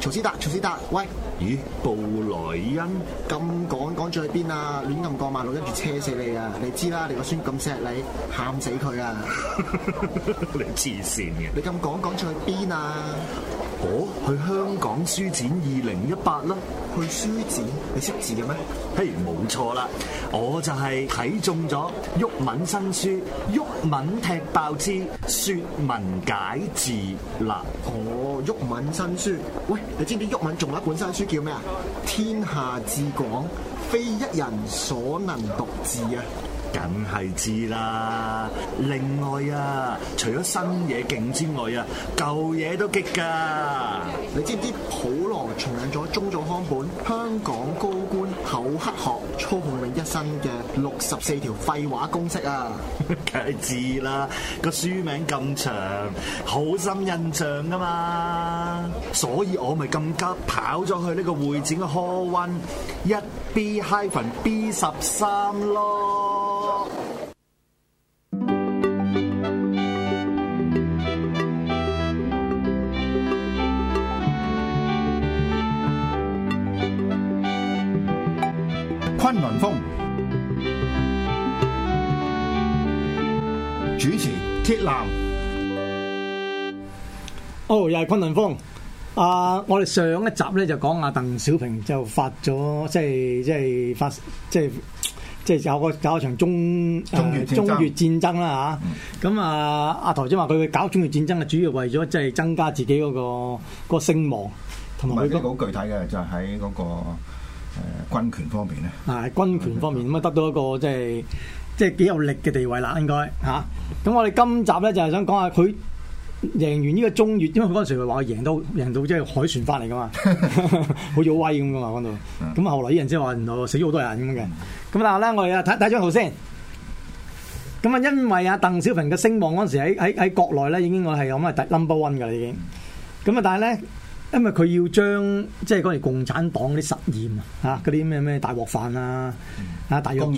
廚師達，曹思達，喂！咦，布萊恩，咁趕趕住去邊啊？亂咁過馬路，跟住車死你啊！你知啦，你個孫咁錫你，喊死佢啊！你黐線嘅，你咁趕趕住去邊啊？哦，去香港書展二零一八啦！去書展，你識字嘅咩？譬如冇錯啦，我就係睇中咗鬱文新書《鬱文踢爆之說文解字》嗱。哦，鬱文新書，喂，你知唔知鬱文仲有一本新書叫咩啊？天下至廣，非一人所能獨治啊！梗係知啦！另外啊，除咗新嘢勁之外啊，舊嘢都激㗎。你知唔知普羅重印咗中佐康本《香港高官厚黑學》，操控你一生嘅六十四條廢話公式啊？梗係知啦！個書名咁長，好深印象㗎嘛，所以我咪咁急跑咗去呢個會展嘅 Hall One，一 B-hyphen B 十三咯。哦，又係崑崙風，阿我哋上一集咧就講阿鄧小平就發咗，即係即係發，即係即係有個搞一場中中越戰爭啦吓。咁啊，阿頭先話佢搞中越戰爭啊，主要為咗即係增加自己嗰個個聲望同埋佢，唔係咧，好具體嘅就喺嗰個誒軍權方面咧。喺軍權方面咁啊，得到一個即係即係幾有力嘅地位啦，應該吓。咁我哋今集咧就係想講下佢。贏完呢個中越，因為嗰陣時佢話贏到贏到即係海船翻嚟噶嘛，好似威咁噶嘛嗰度。咁啊後來啲人先係話，死咗好多人咁嘅。咁但係咧，我哋睇睇張圖先。咁啊，因為阿鄧小平嘅聲望嗰陣時喺喺喺國內咧，已經 我係咁啊 number one 噶啦已經。咁啊，但係咧，因為佢要將即係嗰共產黨啲實驗啊，嗰啲咩咩大鑊飯啊，啊大公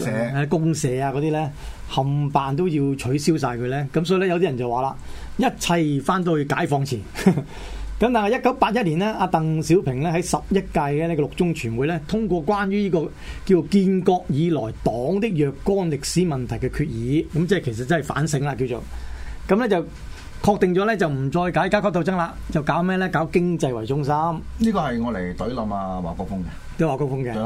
公社啊嗰啲咧，冚唪唥都要取消晒佢咧。咁所以咧，有啲人就話啦。一切翻到去解放前，咁 但係一九八一年呢，阿鄧小平呢喺十一屆嘅呢個六中全會呢，通過關於呢個叫建國以來黨的若干歷史問題嘅決議，咁即係其實真係反省啦，叫做咁呢就確定咗呢，就唔再搞階級鬥爭啦，就搞咩呢？搞經濟為中心，呢個係我嚟懟冧啊華國鋒嘅，都華國鋒嘅，就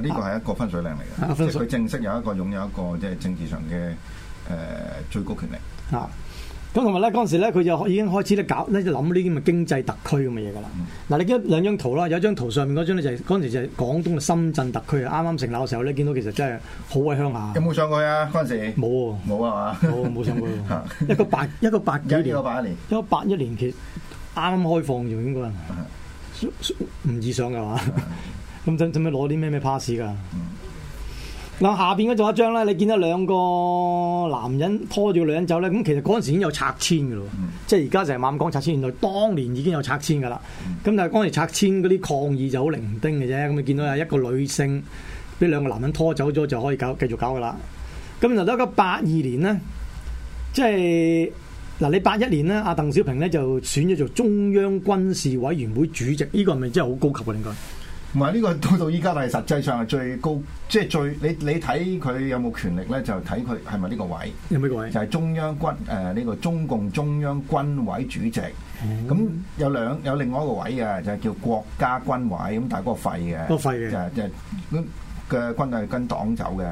呢、是、個係一個分水嶺嚟嘅，佢、啊就是、正式有一個擁有一個即係政治上嘅誒、呃、最高權力啊。咁同埋咧，嗰陣時咧，佢就已經開始咧搞咧，就諗呢啲咪經濟特區咁嘅嘢噶啦。嗱，你記得兩張圖啦，有一張圖上面嗰張咧、就是，就係嗰陣時就係廣東嘅深圳特區啊，啱啱成立嘅時候咧，見到其實真係好鬼鄉下。有冇上過去啊？嗰陣時冇喎。冇啊嘛。冇冇上過去 一。一個八一個八幾年？ 一個八一年。一個八一年，其實啱啱開放仲應該。唔 易上噶嘛？咁就準備攞啲咩咩 pass 噶？ 下邊嗰度一張咧，你見到兩個男人拖住女人走咧，咁其實嗰陣時已經有拆遷嘅咯，即係而家成日猛講拆遷，原來當年已經有拆遷嘅啦。咁但係嗰時拆遷嗰啲抗議就好零丁嘅啫，咁你見到有一個女性俾兩個男人拖走咗，就可以搞繼續搞嘅啦。咁嚟到一九八二年呢，即係嗱你八一年呢，阿鄧小平呢就選咗做中央軍事委員會主席，呢個係咪真係好高級呀應該？唔係呢個到到依家，但係實際上係最高，即係最你你睇佢有冇權力咧，就睇佢係咪呢個位。有咩位？就係中央軍呃呢個中共中央軍委主席。嗯，咁有兩有另外一個位嘅，就係叫國家軍委，咁但係嗰個廢嘅。都嗰個廢嘅。就係就係嘅，軍隊跟黨走嘅。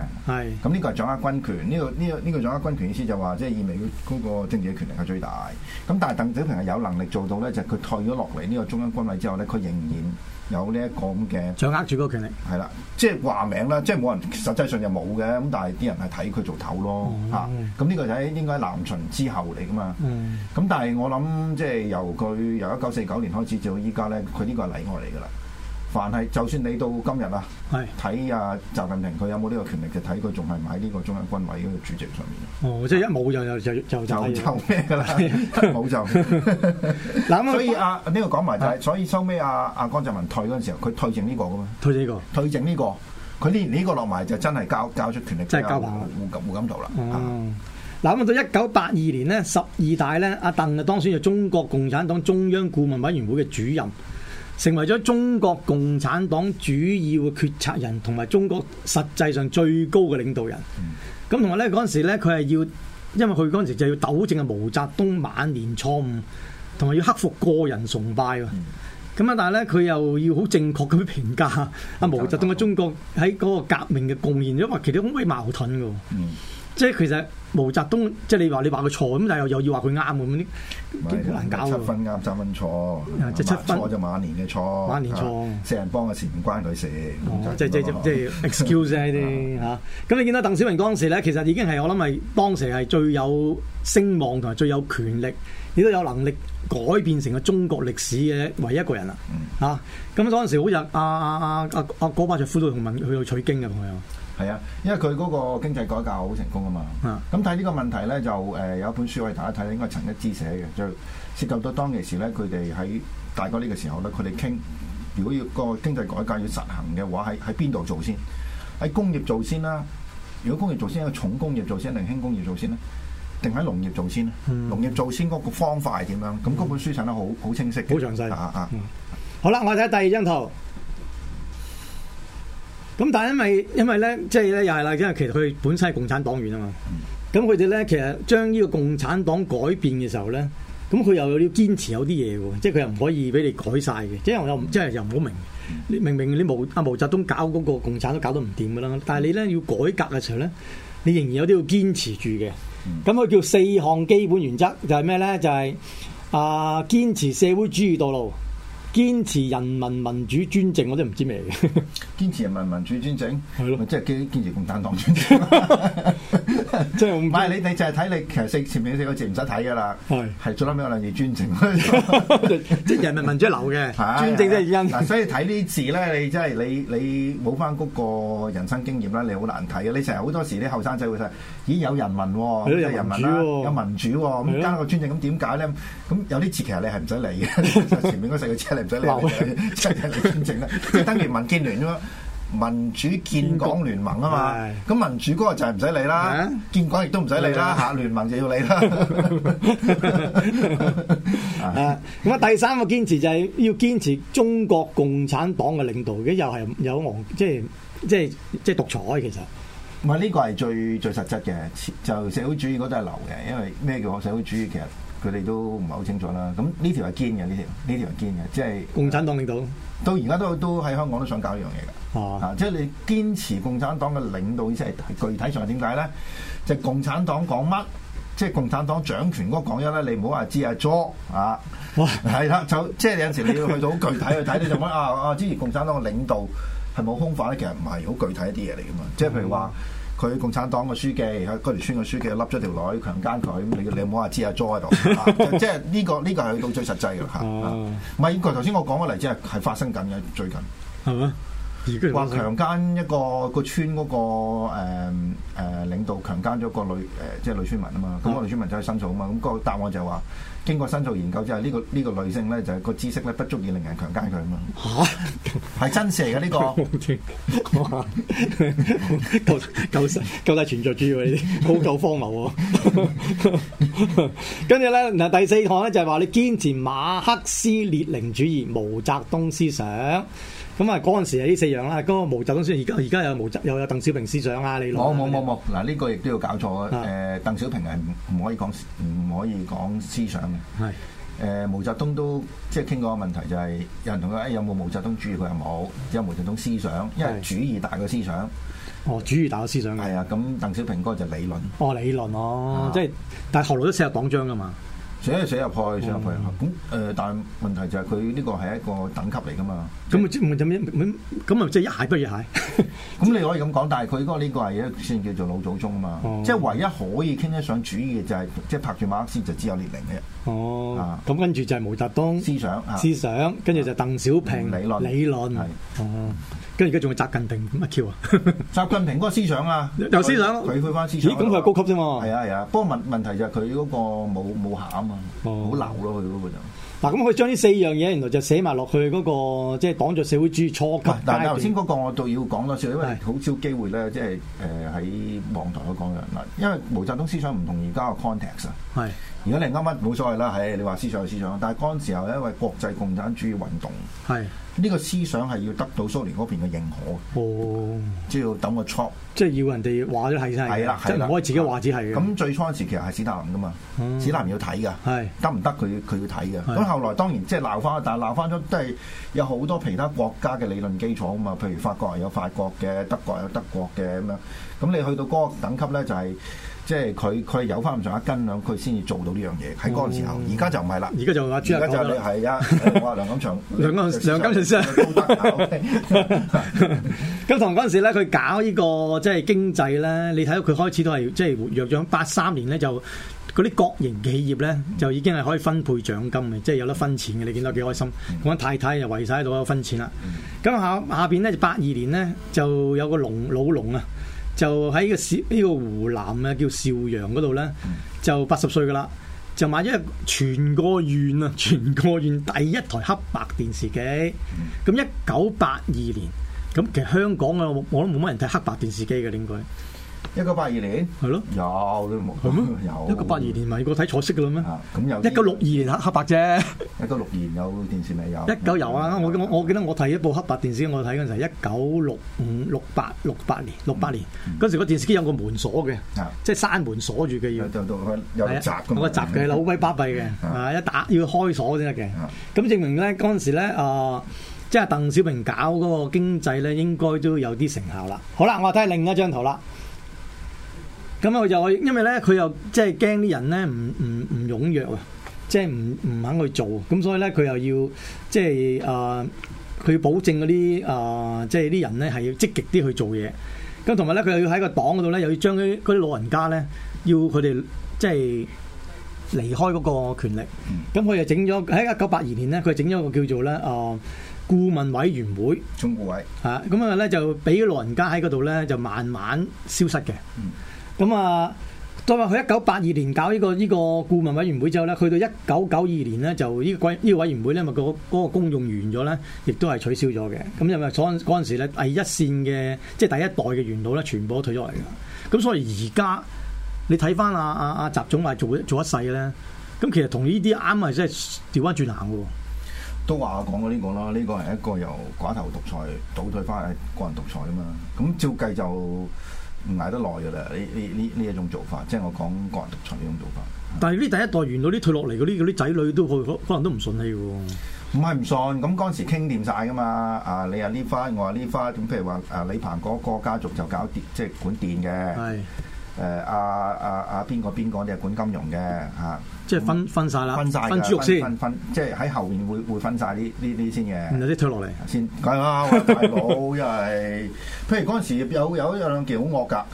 咁呢個係掌握軍權，呢個呢個呢個掌握軍權意思就話，即係意味嗰嗰個政治嘅權力係最大。咁但係鄧小平係有能力做到咧，就係佢退咗落嚟呢個中央軍委之後咧，佢仍然，嗯。有呢一個咁嘅掌握住嗰個權力，係啦，即係話名啦，即係冇人實際上就冇嘅，咁但係啲人係睇佢做頭咯嚇，咁，嗯，呢個，啊，就係應該南巡之後嚟噶嘛，咁，嗯，但係我諗即係由佢由一九四九年開始至到依家咧，佢呢個係例外嚟噶啦。凡係就算你到今日啊，睇啊習近平佢有冇呢個權力就睇，佢仲係唔喺呢個中央軍委嗰個主席上面。哦，即係一冇就就就了就就咩噶啦，冇 就 所、啊嗯。所以啊，呢、這個講埋就係、是，所以收尾阿阿江澤民退嗰陣時候，佢退政呢、這個噶嘛？退政呢個退政呢個，佢呢呢個落埋就真係交交出權力即，真係交棒，唔敢唔敢做啦。哦，嗱咁、嗯、到一九八二年咧，十二大咧，阿鄧啊當選就中國共產黨中央顧問委員會嘅主任。成為咗中國共產黨主要嘅決策人，同埋中國實際上最高嘅領導人。咁同埋咧，嗰陣時咧，佢係要，因為佢嗰陣時就要糾正啊毛澤東晚年錯誤，同埋要克服個人崇拜。咁、嗯、啊，但係咧，佢又要好正確咁去評價啊毛澤東嘅中國喺嗰個革命嘅貢獻，因為其實好鬼矛盾㗎、嗯。即係其實。毛澤東即係、就是、你話你話佢錯咁，但係又又要話佢啱咁啲，好難搞。七分啱，三分錯。錯就晚年嘅錯。晚年錯、啊。四人幫嘅事唔關佢事。哦、即係即係即係 excuse 呢啲嚇。咁你見到鄧小平當時咧，其實已經係我諗係當時係最有聲望同埋最有權力，亦都有能力改變成個中國歷史嘅唯一一個人啦。嚇、嗯！咁嗰陣時好似阿阿阿阿阿到巴就輔導同文去到取經嘅朋友。係啊，因為佢嗰個經濟改革好成功啊嘛。咁睇呢個問題咧，就誒有一本書可以睇一睇，應該陳一之寫嘅，就涉及到當其時咧，佢哋喺大概呢個時候咧，佢哋傾，如果要個經濟改革要實行嘅話，喺喺邊度做先？喺工業做先啦。如果工業做先，係重工業做先定輕工業做先咧？定喺農業做先咧、嗯？農業做先嗰個方法係點樣？咁嗰本書寫得好好清晰嘅、嗯啊啊嗯。好詳細啊啊！好啦，我睇第二張圖。咁但係因為因為咧，即係咧又係啦，因為其實佢本身係共產黨員啊嘛。咁佢哋咧，其實將呢個共產黨改變嘅時候咧，咁佢又有啲堅持有啲嘢喎，即係佢又唔可以俾你改晒嘅。即係我又即係又唔好明，明明你毛阿毛澤東搞嗰個共產都搞得唔掂噶啦，但係你咧要改革嘅時候咧，你仍然有啲要堅持住嘅。咁佢叫四項基本原則，就係咩咧？就係啊，呃，堅持社會主義道路。堅持人民民主專政，我都唔知咩嚟嘅。堅 持人民民主專政，係咯真堅，即係堅堅持共產黨專政。即係唔係你你就係睇你其實四前面的四個字唔使睇噶啦，係最後尾個兩字專政，即 係人民民主是流嘅專、啊、政真係嗱，所以睇呢字咧，你真係你你冇翻嗰個人生經驗啦，你好難睇嘅。你成日好多時啲後生仔會睇，咦有人民，有人民啦、啊，有民主咁加一個專政，咁點解咧？咁有啲字其實你係唔使理嘅， 前面嗰四個字你唔使理，嘅 用理，即係專政啦。即係當年民建聯啫嘛。民主建港聯盟啊嘛，咁民主嗰個就係唔使理啦，建港亦都唔使理啦嚇，聯盟就要理啦。啊，咁啊第三個堅持就係要堅持中國共產黨嘅領導，嘅又係有昂，即係即係即係獨裁其實。唔係，呢個係最最實質嘅，就社會主義嗰啲係流嘅，因為咩叫社會主義？其實佢哋都唔係好清楚啦。咁呢條係堅嘅，呢條呢條係堅嘅，即係共產黨領導。到而家都都喺香港都想搞呢樣嘢嘅，啊，啊，即係你堅持共產黨嘅領導，即係具體上係點解咧？就係共產黨講乜，即係共產黨掌權嗰個講音咧，你唔好話係知係作啊，係啦啊啊，就即係有時候你要去到好具體去睇，你就會啊啊，支持共產黨嘅領導係冇空泛，其實唔係好具體一啲嘢嚟嘅嘛，即係譬如話。佢共產黨嘅書記喺嗰條村嘅書記笠咗條女強姦佢，咁你你有冇話知啊？坐喺度，即係呢個呢、呢個係去到最實際嘅吓。唔係頭先我講嘅例子係發生緊嘅，最近係咩？ 話強姦一個一個村嗰、那個誒誒、呃呃、領導強姦咗個女誒、呃，即係女村民啊嘛，咁、那個女村民就去申訴啊嘛，咁、那個答案就係話，經過申訴研究之後，呢、這個呢、這個女性咧就係、是、個知識咧不足以令人強姦佢啊嘛，係、啊、真事嚟嘅呢個，夠夠晒夠晒存在主義，好夠荒謬。跟住咧，第四項咧就係、是、話你堅持馬克思列寧主義、毛澤東思想。咁啊，嗰陣時係呢四樣啦。嗰個毛澤東先，而家而家有毛澤又有鄧小平思想啊，理論，啊。冇冇冇冇，嗱，呢個亦都要搞錯啊。誒，鄧小平係唔可以講，唔可以講思想嘅。係。誒，毛澤東都即係傾嗰個問題就係，有人同佢誒，有冇毛澤東主義，佢話冇。有毛澤東思想，因為主義大過思想。哦，主義大過思想的的。係啊，咁鄧小平嗰個就理論。哦，理論咯、哦，即係、哦、但係後來都寫入黨章噶嘛？寫寫入去，寫入去。咁誒，但問題就係佢呢個係一個等級嚟㗎嘛。咁咪即係唔係咁咁？啊，即係一蟹不如一蟹。咁 你可以咁講，但係佢嗰呢個係一，先叫做老祖宗啊嘛。嗯、即係唯一可以傾得上主義嘅就係，即係拍住馬克思就只有列寧嘅。哦，咁跟住就係毛澤東思想，啊、思想跟住就鄧小平理論，嗯，理論，哦，跟住而家仲係習近平乜橋啊？習 近平嗰個思想啊，有思想，佢去翻思想，啊，咦？咁佢係高級啫，啊、嘛？係啊係啊，不過問問題就係佢嗰個冇冇餡，啊好流咯佢嗰個就。嗱，啊，咁佢將呢四樣嘢原來就寫埋落去嗰，那個即係講做社會主義初級。嗱、啊、嗱，頭先嗰個我都要講多少，因為好少機會咧，即係誒喺網台去講嘅。嗱，因為毛澤東思想唔同而家個 context 啊。係。如果你啱乜冇所謂啦，係你話思想有思想，但係嗰陣時候因為國際共產主義運動係呢、呢個思想係要得到蘇聯嗰邊嘅認可，哦，即係要等個 check 即係要人哋話咗係先係，即係唔可以自己話只係咁，最初嗰時其實係史達林噶嘛、嗯，史達林要睇嘅，係得唔得佢佢要睇嘅。咁後來當然即係鬧翻，但係鬧翻咗都係有好多其他國家嘅理論基礎啊嘛。譬如法國係有法國嘅，德國係有德國嘅咁樣。咁你去到嗰個等級咧、就係，就係即係佢佢有翻唔上一斤兩，佢先至做到呢樣嘢。喺嗰陣時候，而、嗯、家就唔係啦。而家就阿而家就係我話梁錦祥， 梁錦咁 同嗰陣時咧，佢搞呢個即係經濟咧，你睇到佢開始都係即係活躍咗。八三年咧就嗰啲國營企業咧就已經係可以分配獎金嘅，即係有得分錢嘅。你見到幾開心，我 太太就圍晒喺度有分錢啦。咁下下邊咧就八二年咧就有個龍老龍啊，就喺呢個呢個湖南嘅叫邵陽嗰度咧，就八十歲噶啦。就買咗全個縣啊，全個縣第一台黑白電視機。咁一九八二年，咁其實香港啊，我都冇乜人睇黑白電視機嘅應該。一九八二年係咯，有都冇？有一九八二年咪個睇彩色嘅啦咩？一九六二年黑黑白啫。一九六二年有電視未有？一 九有啊！ 我我記得我睇一部黑白電視，我睇嗰陣係一九六五六八六八年六八年嗰、嗯嗯、時個電視機有個門鎖嘅、啊，即係閂門鎖住嘅要。就就有閘咁。個閘嘅，好鬼巴閉嘅，啊，一，啊，啊一打要開鎖先得嘅。咁、啊啊、證明咧嗰陣時咧啊、呃，即係鄧小平搞嗰個經濟咧，應該都有啲成效啦。好啦，我睇另一張圖啦。咁啊，又因為咧，佢又即係驚啲人咧，唔唔唔踴躍啊，即係唔唔肯去做，咁所以咧，佢又要即係啊，佢、呃、保證嗰啲啊，即係啲人咧係要積極啲去做嘢。咁同埋咧，佢又要喺個黨嗰度咧，又要將啲啲老人家咧，要佢哋即係離開嗰個權力。咁、嗯、佢又整咗喺一九八二年咧，佢整咗個叫做咧啊顧問委員會。中顧委啊，咁啊咧就俾老人家喺嗰度咧，就慢慢消失嘅。嗯咁啊，再話佢一九八二年搞呢個呢個顧問委員會之後咧，去到一九九二年咧就呢個規呢個委員會咧咪嗰嗰個功用完咗咧，亦都係取消咗嘅。咁因為嗰陣嗰陣時咧係一線嘅，即係第一代嘅元老咧，全部都退咗嚟啦。咁所以而家你睇翻阿阿阿習總話做做一世咧，咁其實同呢啲啱係即係調翻轉行嘅。都話我講過呢個啦，呢，呢個係一個由寡頭獨裁倒退翻係個人獨裁啊嘛。咁照計就。唔捱得耐㗎啦！呢呢呢呢一種做法，即係我講個人獨裁呢種做法。但係呢第一代完咗，呢退落嚟嗰啲啲仔女都可能都唔順氣喎、啊。唔係唔順，咁嗰陣時傾掂晒㗎嘛。啊，你話呢花，我話呢花。咁譬如話，啊李鵬嗰個家族就搞電，即、就、係、是、管電嘅。誒阿阿阿邊個邊個你係管金融嘅嚇，即係分分晒啦，分豬肉先，分，分，分即係喺後面會會分晒呢呢啲先嘅、嗯。有啲退落嚟先，係、啊、啦，大佬因為。譬 如嗰陣時有有一兩件好惡噶，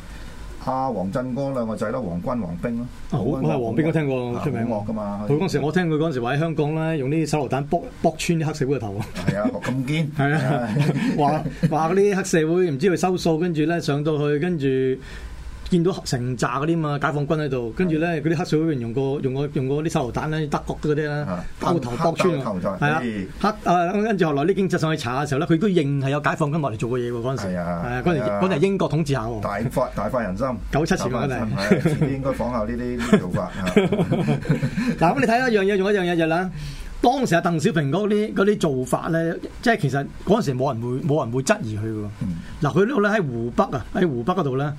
阿、啊、黃振剛兩個仔咯，黃軍黃兵咯，我係黃兵，都、啊、聽過出名好惡噶嘛。佢嗰陣時我聽佢嗰陣時話喺香港咧，用啲手榴彈博博穿啲黑社會嘅頭。係啊，咁堅係啊，話話啲黑社會唔知佢收數，跟住咧上到去，跟住。見到成扎嗰啲嘛，解放軍喺度，跟住咧嗰啲黑水會用過用過用過啲手榴彈咧，德國嗰啲啦，爆頭爆穿啊，啊，黑啊，跟住、嗯、後、後、後、後來呢，警察上去查嘅時候咧，佢都認係有解放軍落嚟做嘅嘢喎，嗰陣時係啊，嗰陣、啊啊、英國統治下喎，大發大發人心，九七前嗰陣，前邊應該仿效呢啲做法。嗱咁 你睇下一樣嘢，用一樣嘢就啦，當時阿鄧小平嗰啲啲做法咧，即係其實嗰陣時冇人會冇人會質疑佢嘅喎。嗱、嗯，佢呢度咧喺湖北啊，喺湖北嗰度咧。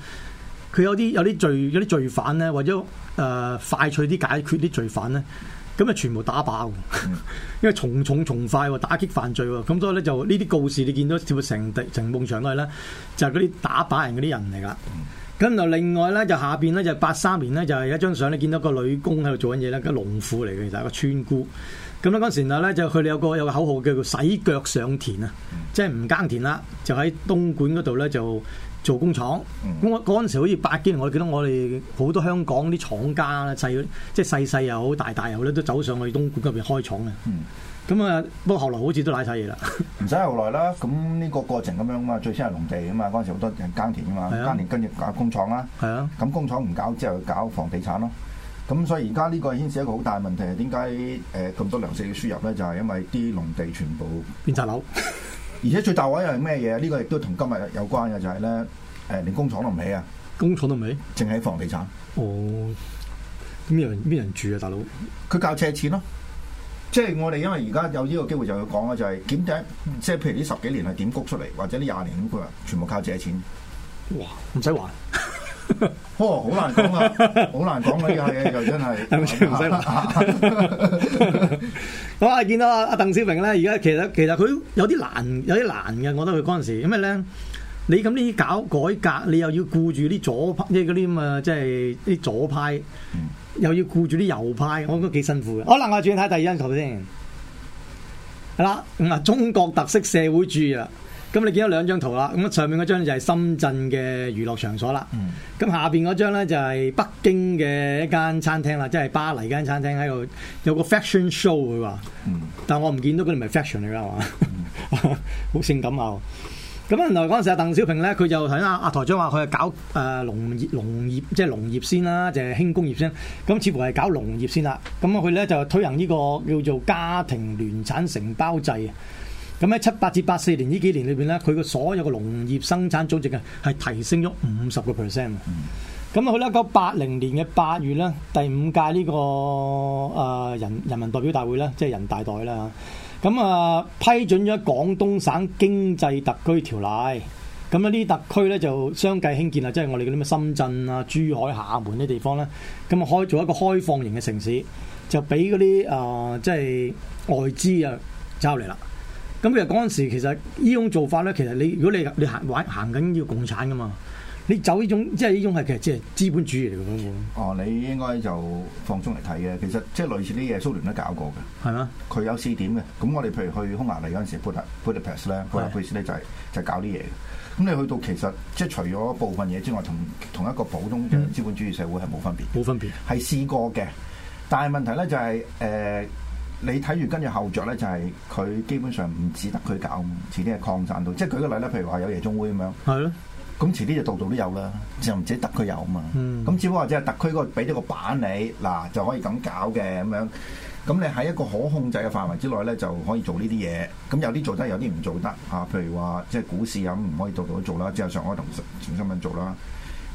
佢有啲有啲罪有啲罪犯咧，或者誒、呃、快脆啲解決啲罪犯咧，咁就全部打靶，因為從重從快喎，打擊犯罪喎，咁所以咧就呢啲告示你見到貼成成埲牆都係啦，就係嗰啲打靶人嗰啲人嚟噶。咁就另外咧就下邊咧就八三年咧就係一張相，你見到個女工喺度做緊嘢咧，個農婦嚟嘅，其實個村姑。咁咧嗰陣時咧就佢哋有個有個口號叫做洗腳上田啊，即係唔耕田啦，就喺東莞嗰度咧就。做工廠，咁我嗰陣時好似八幾年，我記得我哋好多香港啲廠家細即係細細又好，大大又好咧，都走上去東莞嗰邊開廠嘅。咁、嗯、啊，不過後來好似都賴晒嘢啦。唔使後來啦，咁呢個過程咁樣啊嘛，最先係農地啊嘛，嗰陣時好多人耕田嘛啊嘛，耕田跟住搞工廠啦。係啊，咁工廠唔搞之後，搞房地產咯。咁所以而家呢個係牽涉一個好大問題，點解誒咁多糧食嘅輸入咧？就係、是、因為啲農地全部變晒樓。而且最大位又係咩嘢？呢個亦都同今日有關嘅，就係咧，誒，連工廠都唔起啊！工廠都唔起，淨係房地產。哦、呃，咩人咩人住啊，大佬？佢靠借錢咯、啊。即係我哋因為而家有呢個機會就要講嘅就係點解？即係譬如呢十幾年係點谷出嚟，或者呢廿年佢全部靠借錢。哇！唔使還。 哦，好難講啊，好難講嘅，又係嘅，又真係，唔使話。我係見到阿阿鄧小平咧，而家其實其實佢有啲難，有啲難嘅。我覺得佢嗰陣時，因為咧，你咁啲搞改革，你又要顧住啲左派，即係嗰啲咁啊，即係啲左派，又要顧住啲右派，我覺得幾辛苦嘅。可能我轉睇第二張圖先，係啦，咁啊，中國特色社會主義啦。咁你見到兩張圖啦，咁上面嗰張就係深圳嘅娛樂場所啦，咁下面嗰張咧就係北京嘅一間餐廳啦，即係巴黎間餐廳喺度有個 fashion show 佢話，但我唔見到佢哋咪 fashion 嚟、嗯、啦，係嘛，好性感啊！咁原來嗰陣時鄧小平咧，佢就同阿阿台長話，佢係搞誒農業、農業即係農業先啦，就係輕工業先，咁似乎係搞農業先啦，咁佢咧就推行呢個叫做家庭聯產承包制。咁喺七八至八四年呢幾年裏面咧，佢嘅所有嘅農業生產總值啊，係提升咗五十個 percent。咁、嗯、去到一九八零年嘅八月咧，第五屆呢、呢個啊人、呃、人民代表大會咧，即係人大代啦。咁、嗯、啊、呃、批准咗廣東省經濟特區條例。咁咧呢特區咧就相繼興建啦，即係我哋嗰啲咩深圳啊、珠海、廈門啲地方咧，咁啊開做一個開放型嘅城市，就俾嗰啲啊即係外資啊走嚟啦。咁又嗰陣時，其實呢種做法咧，其實你如果你你行玩行緊要共產噶嘛，你走呢種即係呢種係其實即係資本主義嚟嘅根本。哦，你應該就放鬆嚟睇嘅。其實即係類似啲嘢，蘇聯都搞過嘅。係啊，佢有試點嘅。咁我哋譬如去匈牙利嗰陣時，普特普特佩斯咧，普特佩斯就係、是、就係搞啲嘢嘅。咁你去到其實即係除咗部分嘢之外，同同一個普通嘅資本主義社會係冇分別。冇分別係試過嘅，但係問題咧就係、是呃你睇完跟住後著咧，就係、是、佢基本上唔止得佢搞，遲啲係擴散到。即係舉個例咧，譬如話有夜總會咁樣，係咯。咁遲啲就度度都有啦，就唔止得佢有嘛。咁、嗯、只不過即係特區個俾咗個板你，嗱就可以咁搞嘅咁樣。咁你喺一個可控制嘅範圍之內咧，就可以做呢啲嘢。咁有啲做得，有啲唔做得啊。譬如話即係股市咁，唔可以度度都做啦。之後上海同深圳咁做啦。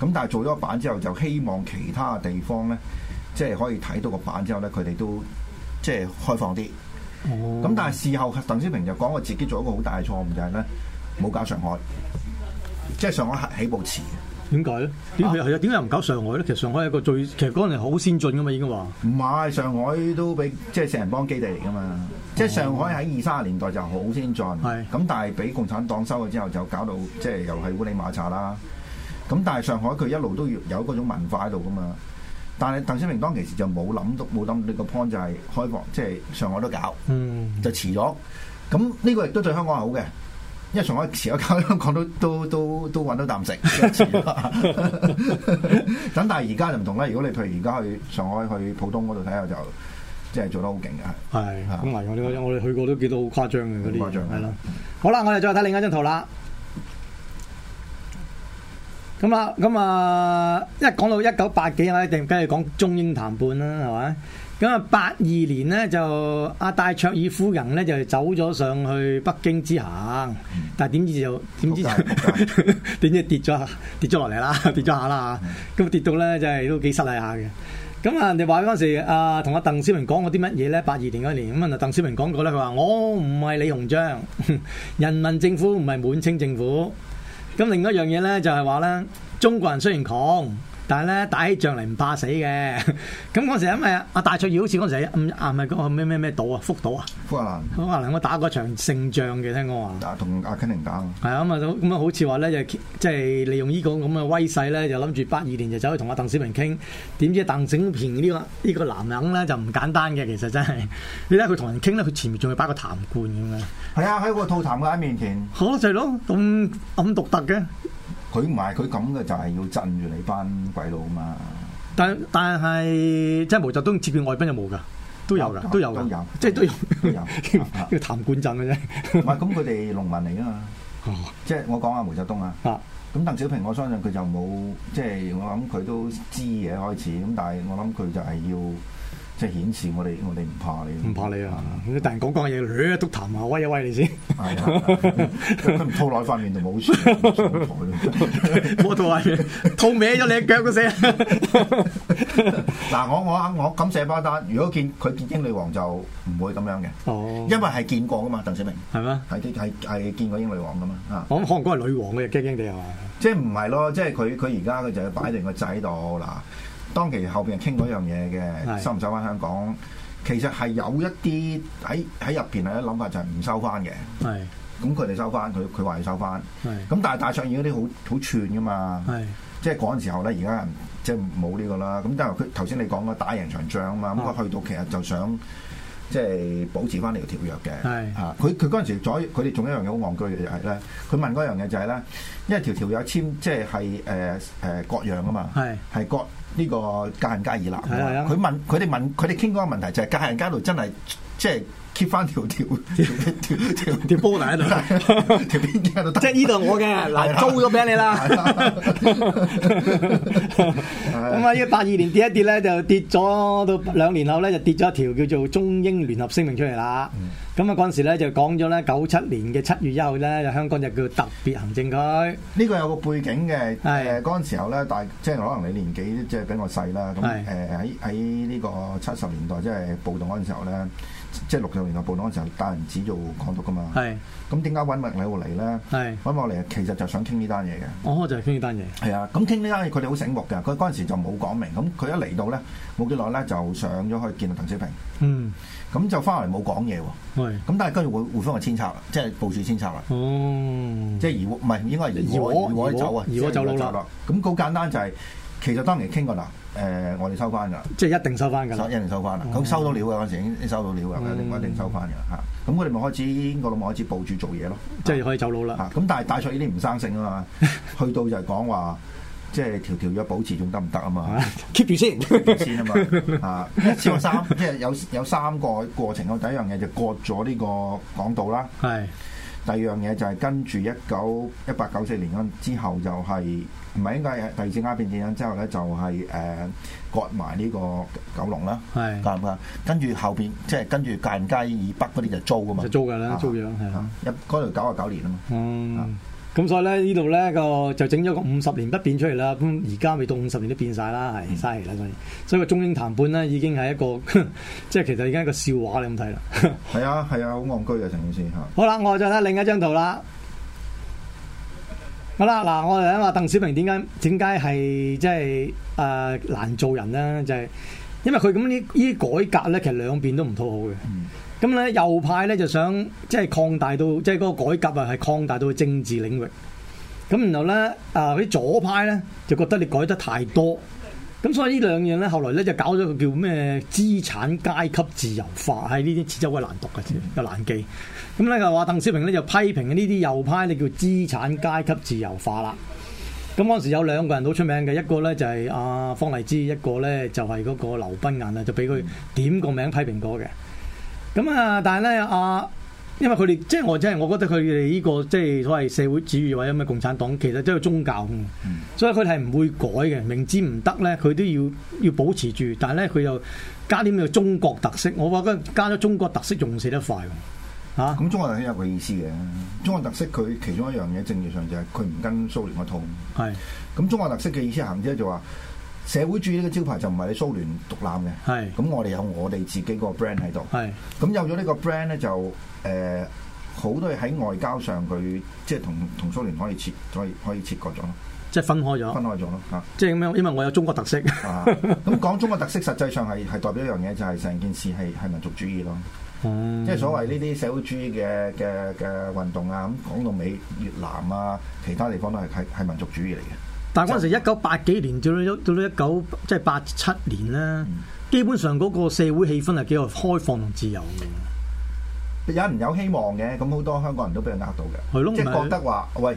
咁但係做咗個版之後，就希望其他地方咧，即係可以睇到個版之後咧，佢哋都。即係開放啲，咁、oh. 但係事後，鄧小平就講：我自己做一個好大嘅錯誤就是呢，就係咧冇搞上海，即、就、係、是、上海起步遲為什麼。點解咧？點係啊？點解唔搞上海咧、啊？其實上海係一個最，其實嗰陣係好先進噶嘛，已經話。唔係上海都俾即係四人幫基地嚟噶嘛，oh. 即係上海喺二三十年代就好先進，咁、oh. 但係俾共產黨收咗之後，就搞到即係、就是、又係烏里馬查啦。咁但係上海佢一路都要有嗰種文化喺度噶嘛。但係鄧小平當其時就冇諗到冇諗呢個 point 就係開放，即係上海都搞，嗯、就遲咗。咁呢個亦都對香港係好嘅，因為上海遲咗搞，香港都都都都揾到啖食。就是、遲等 但係而家就唔同啦，如果你退而家去上海去浦東嗰度睇下就，即係做得好勁嘅。係。咁嚟我哋去過都見到好誇張嘅嗰啲。誇張㗎。係啦。嗯、好啦，我哋再睇另一張圖啦。咁啊，咁啊，一講到一九八幾，一定梗係講中英談判啦，係咪？咁啊，八二年咧就阿戴卓爾夫人咧就走咗上去北京之行，但係點知就點知點 知跌咗跌咗落嚟啦，跌咗下啦，咁跌到咧就係都幾失禮下嘅。咁啊，人哋話嗰陣時啊，同阿鄧小平講過啲乜嘢咧？八二年嗰年，咁啊鄧小平講過咧，佢話我唔係李鴻章，人民政府唔係滿清政府。咁另外一樣嘢呢，就係話呢，中國人雖然窮，但係咧打起仗嚟唔怕死嘅，咁嗰陣時咁誒，阿、啊、戴卓爾好似嗰陣時咁啊，咪個咩咩咩島啊，福島啊，福亞蘭，福亞蘭，我打過場勝仗嘅，聽講話。同阿根廷打啊。係啊，咁啊咁啊，好似話咧就即、是、係、就是、利用呢個咁嘅威勢咧，就諗住八二年就走去同阿鄧小平傾，點知阿鄧小平呢個呢個男人咧就唔簡單嘅，其實真係。你睇佢同人傾咧，佢前面仲要擺個痰罐咁嘅。係啊，喺個吐痰罐喺面前。好細佬，咁咁獨特嘅。佢唔係佢咁嘅，就係要鎮住你班鬼佬啊嘛！但但係即係毛澤東接見外賓有冇㗎？都有㗎、啊，都有㗎，即係都有都有叫、啊、 談冠鎮嘅啫。唔係咁，佢 哋農民嚟啊嘛！即係我講下毛澤東啊，咁鄧小平我相信佢就冇，即係我諗佢都知嘅開始，咁但係我諗佢就係要。即係顯示我哋，我哋唔怕你。唔怕你啊！啲大人講講嘢，噏督痰啊，威威你先。 係啊，套耐塊面就冇穿。冇套啊！套、啊、 沒吐 歪咗你隻腳嗰聲。嗱， 我我我敢寫包單。如果見佢見，見英女王就唔會咁樣嘅。哦、oh.，因為係見過噶嘛，鄧小明係咩，係啲係係見過英女王噶嘛？啊，我、啊、可能講係女王，嘅，驚驚哋係嘛。即係唔係咯？即係佢佢而家佢就擺定個仔度嗱。 當其後邊人傾嗰樣嘢嘅收唔收翻香港，係其實係有一啲喺喺入邊嘅啲諗法就係唔收翻嘅。係，咁佢哋收翻，佢佢話要收翻。咁但係大將已經啲好好串噶嘛。係，即係嗰陣時候咧，而家人即係冇呢個啦。咁但係佢頭先你講嘅打贏場仗啊嘛，咁佢去到其實就想即係、就係、保持翻呢條條約嘅。係啊，佢佢嗰陣時佢哋仲一樣嘢好戇居嘅就係、係、咧，佢問嗰樣嘢就係、係、咧，因為條條約簽即係係誒誒各樣啊嘛。係，係各。呢、呢個價人價熱鬧，佢問佢哋問佢哋傾嗰個問題就係價人價度真係即係 keep 翻 條條條條條波底喺度，條邊 即係呢度我嘅嗱 租咗俾你啦。咁啊，一八二年跌一跌咧，就跌咗到兩年後咧，就跌咗一條叫做中英聯合聲明出嚟啦。嗯咁啊，嗰陣時咧就講咗咧九七年嘅七月一號咧，香港就叫特別行政區。呢個有個背景嘅。嗰陣、呃、時候咧，大即係可能你年紀即係比我細啦。咁喺喺呢個七十年代，即係暴動嗰時候咧，即係六十年代暴動嗰時候，單人指做港獨噶嘛。咁點解揾麥理浩嚟咧？係。揾我嚟其實就想傾呢單嘢嘅。哦，我就係傾呢單嘢。係啊，咁傾呢單嘢，佢哋好醒目嘅。佢嗰陣時就冇講明，咁佢一嚟到咧。冇幾耐咧，就上咗去見鄧小平。嗯，咁就翻嚟冇講嘢喎。咁但係跟住會匯豐就遷冊啦，即係部署遷冊啦。即係而唔係應該係而我而我，我，我，我，我走啊，而我走佬啦。咁好簡單就係、是，其實當年傾過喇、呃，我哋收翻㗎。即係一定收翻㗎，一定收翻啦。咁、嗯、收到料㗎嗰時已經收到料㗎、嗯，一定一定收翻㗎嚇。咁、嗯、我哋咪開始，英國佬開始部署做嘢咯。即係可以走佬啦。咁、嗯、但係大賽呢啲唔生性啊嘛， 去到就係講話。即係條條約保持仲得唔得啊嘛？keep 住先，keep 住先啊嘛！ 啊，一次過三， 即係有有三個過程，第一樣嘢就割咗呢個港島啦，係。第二樣嘢就係跟住一九一八九四年之後就係、是，唔係應該係第二次鴉片戰爭之後咧就係、是、誒、呃、割埋呢個九龍啦，係。啱跟住後邊即係跟住界限街以北嗰啲就，就租噶嘛、啊。租㗎啦，租樣係啊。一嗰度九啊九年啊嘛。嗯。啊。咁所以咧，呢度咧個就整咗個五十年不變出嚟啦。咁而家未到五十年都變晒啦，係嘥氣啦。嗯、所以，所以個中英談判咧已經係一個，即係其實已經係一個笑話你咁睇啦。係啊，係啊，件事好戇居啊，成件事吓。好啦，我再睇另一張圖啦。好啦，嗱，我哋諗下鄧小平點解點解係即係誒難做人咧？就係、是、因為佢咁呢呢啲改革咧，其實兩邊都唔討好嘅。嗯咁咧右派咧就想即係擴大到即係嗰個改革啊，係擴大到政治領域。咁然後咧啊啲左派咧就覺得你改得太多。咁所以呢兩樣咧後來咧就搞咗個叫咩資產階級自由化喺呢啲，始終都係難讀嘅，又難記。咁咧就話鄧小平咧就批評呢啲右派，你叫資產階級自由化啦。咁嗰陣時有兩個人好出名嘅，一個咧就係阿、啊、方勵之，一個咧就係嗰個劉賓雁啊，就俾佢點個名批評過嘅。咁、嗯、啊！但係咧啊，因為佢哋即係我真係，我覺得佢哋呢個即係所謂社會主義或者咩共產黨，其實都係宗教、嗯、所以佢係唔會改嘅，明知唔得咧，佢都要要保持住。但係咧，佢又加啲咩中國特色？我覺得加咗中國特色，仲死得快。嚇、啊！咁中國特色有個意思嘅，中國特色佢其中一樣嘢政治上就係佢唔跟蘇聯一套。係。咁中國特色嘅意思係唔知就話。社會主義嘅招牌就唔係你蘇聯獨攬嘅，咁我哋有我哋自己個 brand 喺度，咁有咗呢個 brand 喺度，咁有咗呢個 brand 咧就誒好多嘢喺外交上佢即係同同蘇聯可以切可以可以切割咗咯，即係分開咗，分開咗咯嚇。即係咁樣因為我有中國特色，咁、啊、講中國特色實際上係係代表一樣嘢，就係成件事係係民族主義咯、嗯。即係所謂呢啲社會主義嘅嘅嘅運動啊，咁講到美、越南啊，其他地方都係係係民族主義嚟嘅。但嗰陣時，一九八幾年到到一九即係八七年啦，基本上嗰個社會氣氛係幾有開放同自由嘅，有人有希望嘅，咁好多香港人都俾人呃到嘅，即係、就是、覺得話喂，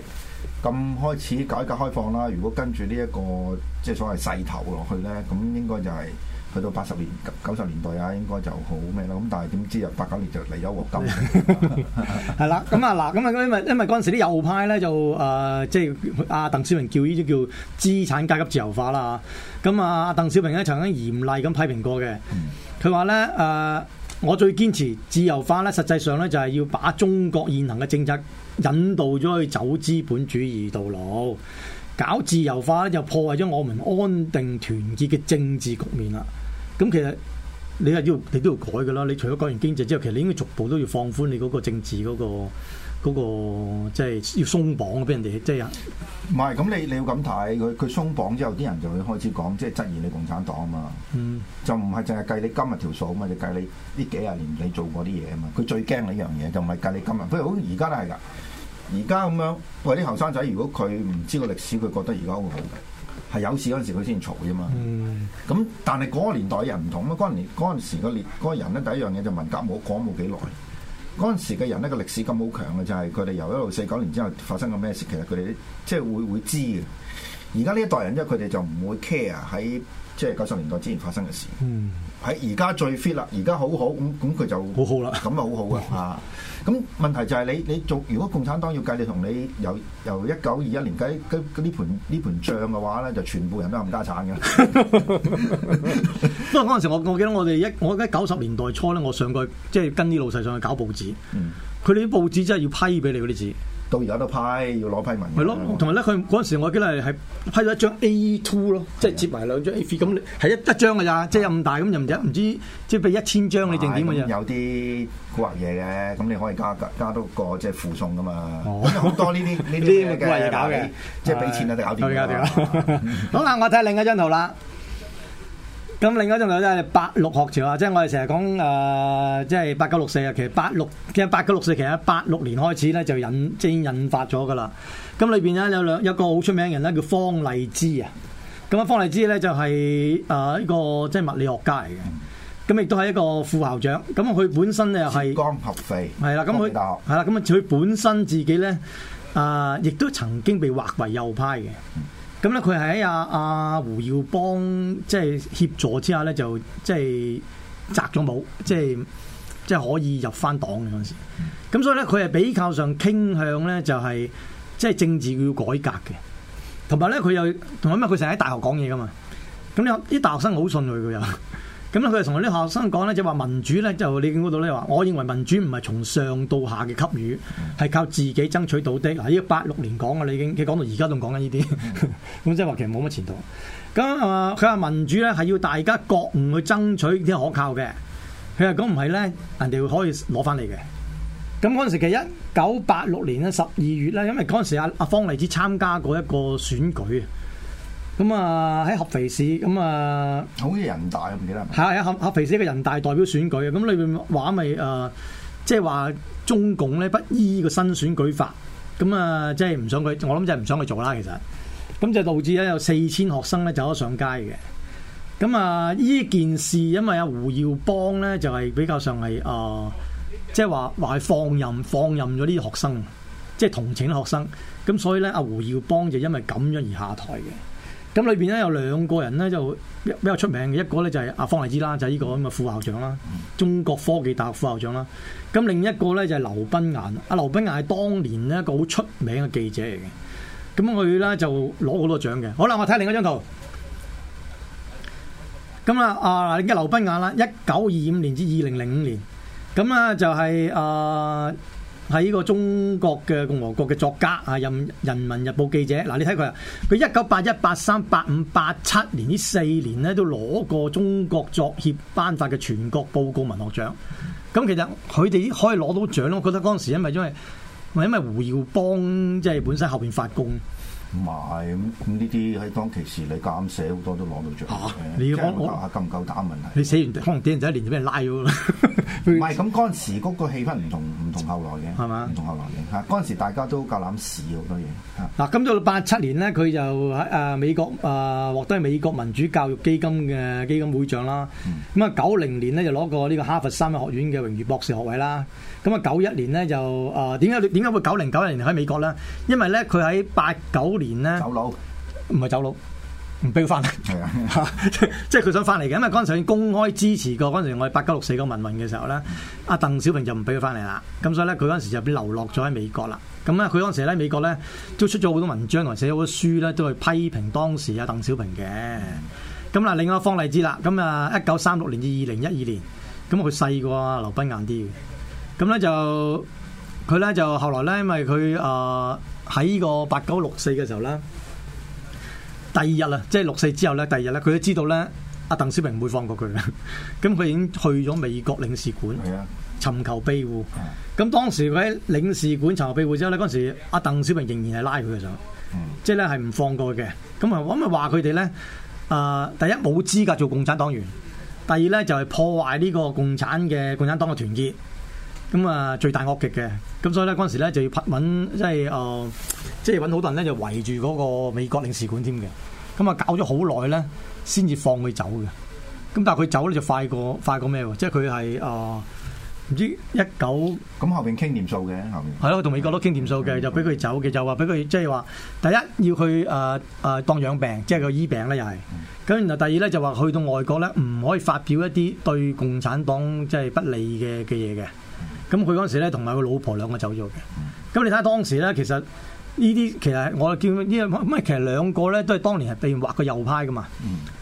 咁開始改革開放啦，如果跟住呢一個即係、就是、所謂勢頭落去咧，咁應該就係、是。去到八十年九九十年代啊，應該就好咩啦？咁但係點知又八九年就嚟咗鑊金，係啦。咁啊嗱，咁啊因為因為嗰陣時啲右派咧就誒、呃，即係阿鄧小平叫呢啲叫資產階級自由化啦。咁啊，鄧小平咧曾經嚴厲咁批評過嘅，佢話咧誒，我最堅持自由化咧，實際上咧就係要把中國現行嘅政策引導咗去走資本主義道路，搞自由化咧就破壞咗我們安定團結嘅政治局面啦。咁其實你係要你都要改嘅啦，你除咗改完經濟之後，其實你應該逐步都要放寬你嗰個政治嗰個嗰個即係要鬆綁俾人哋，即係唔係？咁你你要咁睇佢，佢鬆綁之後，啲人就會開始講，即係質疑你共產黨啊嘛。嗯，就唔係淨係計你今日條數啊嘛，就計你呢幾十年你做過啲嘢啊嘛。佢最驚呢樣嘢就唔係計你今日，譬如好而家都係㗎，而家咁樣喂啲後生仔，如果佢唔知個歷史，佢覺得而家會點？係有事嗰陣時候才吵，佢先嘈啫嘛。咁但係嗰個年代人唔同囉，咁嗰年嗰陣時個年嗰個人咧，第一樣嘢就文革冇講冇幾耐。嗰陣時嘅人呢個歷史咁好強嘅，就係佢哋由一路四九年之後發生過咩事，其實佢哋即係會會知嘅。而家呢一代人即係，佢哋就唔會 care 喺。即係九十年代之前發生嘅事。嗯，喺而家最 fit 啦，而家好好咁，咁佢就好好啦，咁啊好好啊，好啊！咁 問題就係你你做，如果共產黨要計你同你由由一九二一年計呢盤呢盤賬嘅話咧，就全部人都冚家鏟嘅。不過嗰陣時我我記得我哋一我喺九十年代初咧，我上過即係、就是、跟啲老細上去搞報紙。佢哋啲報紙真係要批俾你嗰啲紙。到而家都派要攞批文。係咯，同埋咧，佢嗰陣時我記得係批咗一張 A two 咯，即係接埋兩張 A three，咁係一一張㗎咋，即係咁大咁又唔得，唔知即係俾一千張你點點樣？有啲古惑嘢嘅，咁你可以加加多個即係附送噶嘛。好多呢啲呢啲咁嘅嘢搞嘅，即係俾錢啊！搞掂。好啦，我睇另一張圖啦。咁另一種就係八六學潮啊，即係我哋成日講誒，即、呃、係八九六四啊。其實八六嘅八九六四其實八六年開始咧就引正引發咗噶啦。咁裏邊咧有兩有個好出名嘅人咧叫方麗芝啊。咁啊，方麗芝咧就係誒一個即係物理學家嚟嘅。咁亦都係一個副校長。咁佢本身又係江合肥，係啦。咁佢係啦。咁啊，佢本身自己咧啊，亦、呃、都曾經被劃為右派嘅。咁咧、啊，佢係喺阿阿胡耀邦即係、就是、協助之下咧，就即係摘咗帽，即係即係可以入翻黨嗰時。咁所以咧，佢係比較上傾向咧，就係即係政治要改革嘅。同埋咧，佢又同埋因為佢成日喺大學講嘢噶嘛？咁呢啲大學生好信佢佢又。 咁佢又同啲學生講咧，就話，是、民主咧就你見嗰度咧話，我認為民主唔係從上到下嘅給予，係靠自己爭取到的。嗱，一八六年講嘅，你已講到而家仲講緊呢啲，咁即係話其實冇乜前途。咁啊，佢、呃、話民主咧係要大家覺悟去爭取啲可靠嘅。佢話咁唔係咧，人哋會可以攞翻嚟嘅。咁嗰時嘅一九八六年咧十二月咧，因為嗰時阿、啊、阿方麗芝參加過一個選舉啊。咁啊，喺合肥市咁啊，好似人大唔記得係。啊，合合肥市一個人大代表選舉啊。咁裏邊話咪誒，即係話中共咧不依個新選舉法，咁啊，即係唔想佢，我諗即係唔想佢做啦。其實咁就導致咧有四千學生咧走咗上街嘅。咁啊，呢件事因為阿胡耀邦咧就係比較上係誒，即係話話佢放任放任咗啲學生，即係同情學生咁，所以咧阿胡耀邦就因為咁樣而下台嘅。咁裏邊咧有兩個人咧就比較出名嘅，一個咧就係阿方勵之啦，就係、是、呢個咁嘅副校長啦，中國科技大學副校長啦。咁另一個咧就係劉賓雁，阿劉賓雁係當年咧一個好出名嘅記者嚟嘅。咁佢咧就攞好多獎嘅。好啦，我睇另一張圖。咁啊，阿、呃、而劉賓雁啦，一九二五年至二零零五年，咁咧就係、是、誒。呃喺呢個中國嘅共和國嘅作家啊，任人民日報記者。嗱，你睇佢啊，佢一九八一、八三、八五、八七年呢四年咧，都攞過中國作協頒發嘅全國報告文學獎。咁其實佢哋可以攞到獎咯。我覺得當時因為因為，咪因為胡耀邦即係本身後邊發功。唔係咁，咁呢啲喺當其時你敢寫好多都攞到獎，啊。你是我我夠唔夠膽問題？你寫完可能第一年就俾人拉咗啦。唔係咁，當時嗰個氣氛唔同。同後來嘅係嘛？同後來嘅嚇，嗰陣時大家都夠膽試好多嘢嚇。嗱，咁到八七年咧，佢就喺誒美國誒、呃、獲得美國民主教育基金嘅基金會獎啦。咁啊，九零年咧就攞過呢個哈佛三學院嘅榮譽博士學位啦。咁啊，九一年咧就誒點解點解會九零九一年喺美國咧？因為咧，佢喺八九年咧走佬，唔係走佬。唔俾佢翻嚟，係啊，即係佢想翻嚟嘅，因為嗰陣時公開支持過嗰陣時我哋八九六四個民運嘅時候咧，阿鄧小平就唔俾佢翻嚟啦。咁所以咧，佢嗰陣時就變流落咗喺美國啦。咁呢，佢嗰陣時咧，美國咧都出咗好多文章同寫咗好多書咧，都去批評當時阿鄧小平嘅。咁另外方勵之啦。咁啊，一九三六年至二零一二年，咁佢細過劉賓雁啲嘅。咁咧就，佢咧就後來咧，因為佢喺、呃、個八九六四嘅時候呢。第二日啦，即係六四之後咧，第二日咧，佢都知道咧，阿鄧小平唔會放過佢嘅，咁佢已經去咗美國領事館，尋求庇護。咁當時佢喺領事館尋求庇護之後咧，嗰陣時阿鄧小平仍然係拉佢嘅手，嗯、即係咧係唔放過嘅。咁啊，我咪話佢哋咧，誒，第一冇資格做共產黨員，第二咧就係破壞呢個共產嘅共產黨嘅團結。咁啊，最大惡極嘅。咁，所以咧，嗰陣時咧就要拍揾，即係誒，即係揾好多人咧就圍住嗰個美國領事館添嘅。咁啊，搞咗好耐咧，先至放佢走嘅。咁但係佢走咧就快過快過咩喎？即係佢係誒唔知一九咁後邊傾掂數嘅，後面係咯，佢同美國都傾掂數嘅，就俾佢走嘅，就話俾佢即係話第一要去誒誒、呃、當養病，即係個醫病咧又係咁。然、嗯、後第二咧就話去到外國咧唔可以發表一啲對共產黨即係不利嘅嘅嘢嘅。咁佢嗰陣時咧，同埋個老婆兩個走咗嘅。咁你睇下當時咧，其實呢啲其實我叫呢，咩其實兩個咧都係當年係被劃個右派㗎嘛。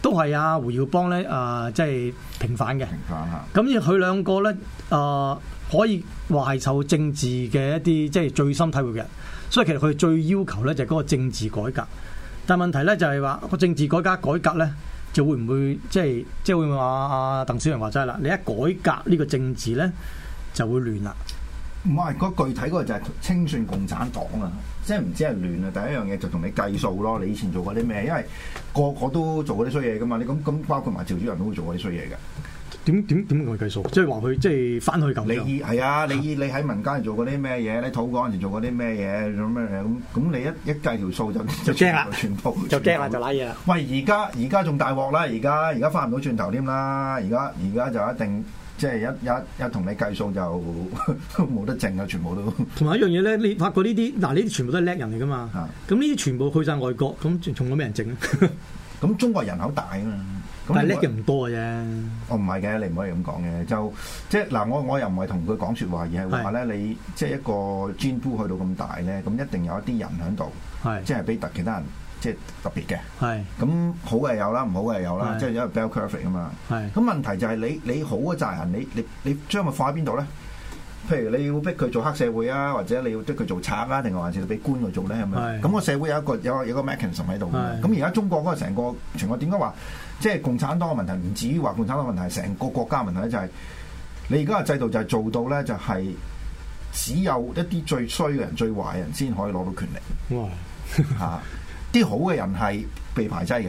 都係阿胡耀邦咧，即、呃、係、即係、平反嘅。平反咁佢兩個咧、呃，可以話係受政治嘅一啲即係最深體會嘅人。所以其實佢最要求咧就係嗰個政治改革。但問題咧就係話個政治改革改革咧，就會唔會即係即係會唔會話阿、啊、鄧小平話齋啦？你一改革呢個政治咧？就會亂啦。唔係，嗰個具體嗰個就係清算共產黨啊！即係唔知係亂啊。第一樣嘢就同你計數咯。你以前做過啲咩？因為個個都做過啲衰嘢噶嘛。你咁咁包括埋趙主任都會做過啲衰嘢嘅。點點點佢計數？即係話佢即係翻去咁。你係啊？你你喺民間做過啲咩嘢？你土改嗰陣時做過啲咩嘢？咩嘢？咁咁你一一計條數就就驚啦！全部就驚啦！就揦嘢啦！喂！而家而家仲大鑊啦！而家而家翻唔到轉頭添啦！而家而家就一定。即、就、係、是、一一一同你計數就冇得剩嘅， 全部都。同埋一樣嘢咧，你發覺呢啲嗱，呢啲全部都係叻人嚟噶嘛？嚇！咁呢啲全部去晒外國，咁仲有咩人剩咧？咁 中國人口大啊嘛，咁係叻嘅唔多嘅啫、哦。我唔係嘅，你唔可以咁講嘅。就即係嗱，我我又唔係同佢講説話，而係話咧，你即係一個專鋪去到咁大咧，咁一定有一啲人喺度，是的即係俾特其他人。即係特別嘅，咁好嘅有啦，唔好嘅有啦，即係因為 bell curve 啊嘛。咁問題就係你你好嘅責任，你你你將佢放喺邊度咧？譬如你要逼佢做黑社會啊，或者你要逼佢做賊啊，定還是俾、啊、官去做咧？咁、那個社會有一個有有個 mechanism 喺度。咁而家中國嗰個成個情況點解話即係共產黨嘅問題，唔至於話共產黨的問題，成個國家嘅問題咧、就是，就係你而家嘅制度就係做到咧，就係、是、只有一啲最衰嘅人、最壞嘅人先可以攞到權力。嚇、啊！ 啲好嘅人係被排擠嘅，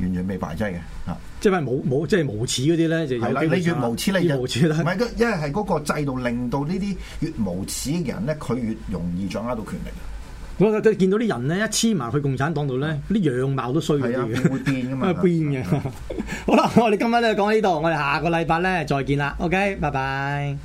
完全被排擠嘅啊！即係冇冇即係無恥嗰啲咧，就係你越無恥，你越無恥啦。唔係，因為係嗰個制度令到呢啲越無恥嘅人咧，佢越容易掌握到權力。我我見到啲人咧，一黐埋去共產黨度咧，啲樣貌都衰咗，會變噶嘛？變嘅。好啦，我哋今晚咧講呢度，我哋下個禮拜咧再見啦。OK，拜拜。